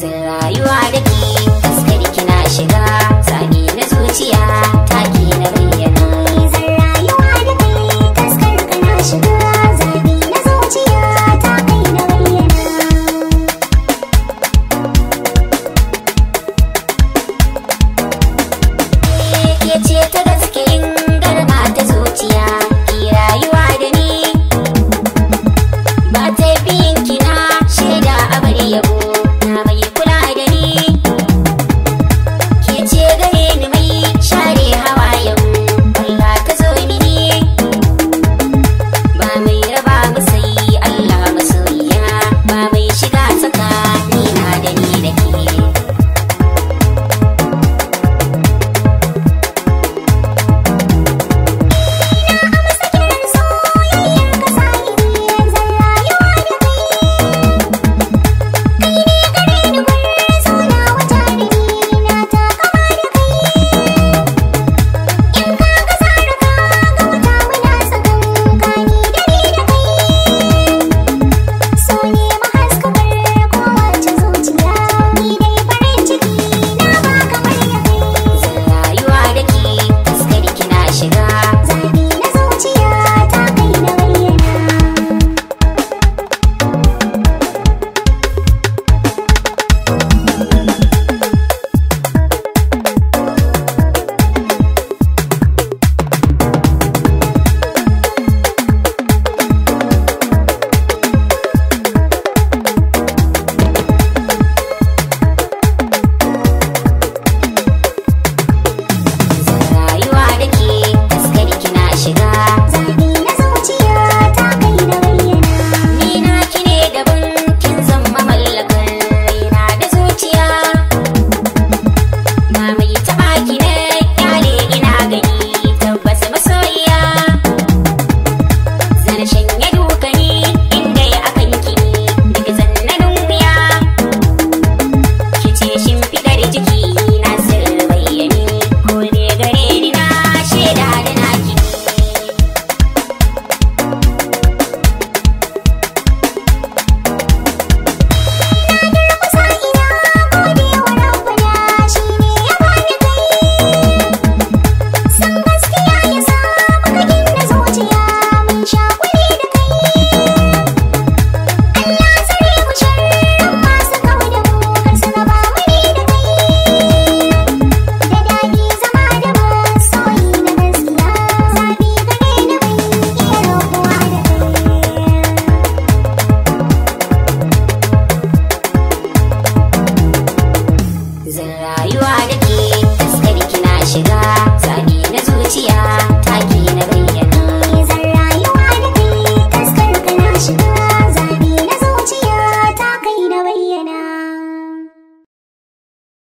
zan rayuwa da